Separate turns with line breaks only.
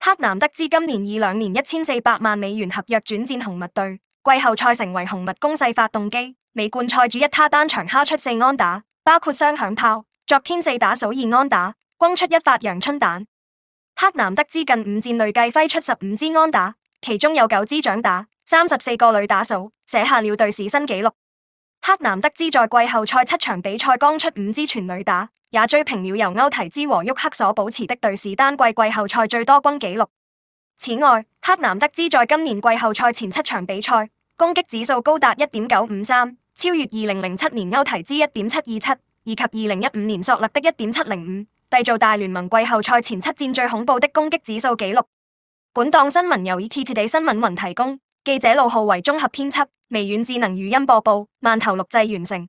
赫南德茲今年以兩年一千四百萬美元合約轉戰紅襪隊，季後賽成為紅襪攻勢發動機。美冠賽主一，他單場敲出四安打，包括雙響炮。昨天四打數二安打，轟出一發陽春彈。赫南德茲近五戰累計揮出十五支安打，其中有九支長打，三十四個壘打數，寫下了隊史新紀錄。赫南德茲在季後賽七場比賽剛出五支全壘打，也追平了由歐提茲和沃克所保持的隊史單季季後賽最多轟紀錄。此外，赫南德茲在今年季後賽前七場比賽攻擊指數高達一點九五三，超越二零零七年歐提茲一點七二七，以及二零一五年索勒的一點七零五，締造大聯盟季後賽前七戰最恐怖的攻擊指數紀錄。本檔新聞由 T、e、T D 新聞雲提供。記者路浩為綜合編輯，微軟智能語音播報，饅頭錄製完成。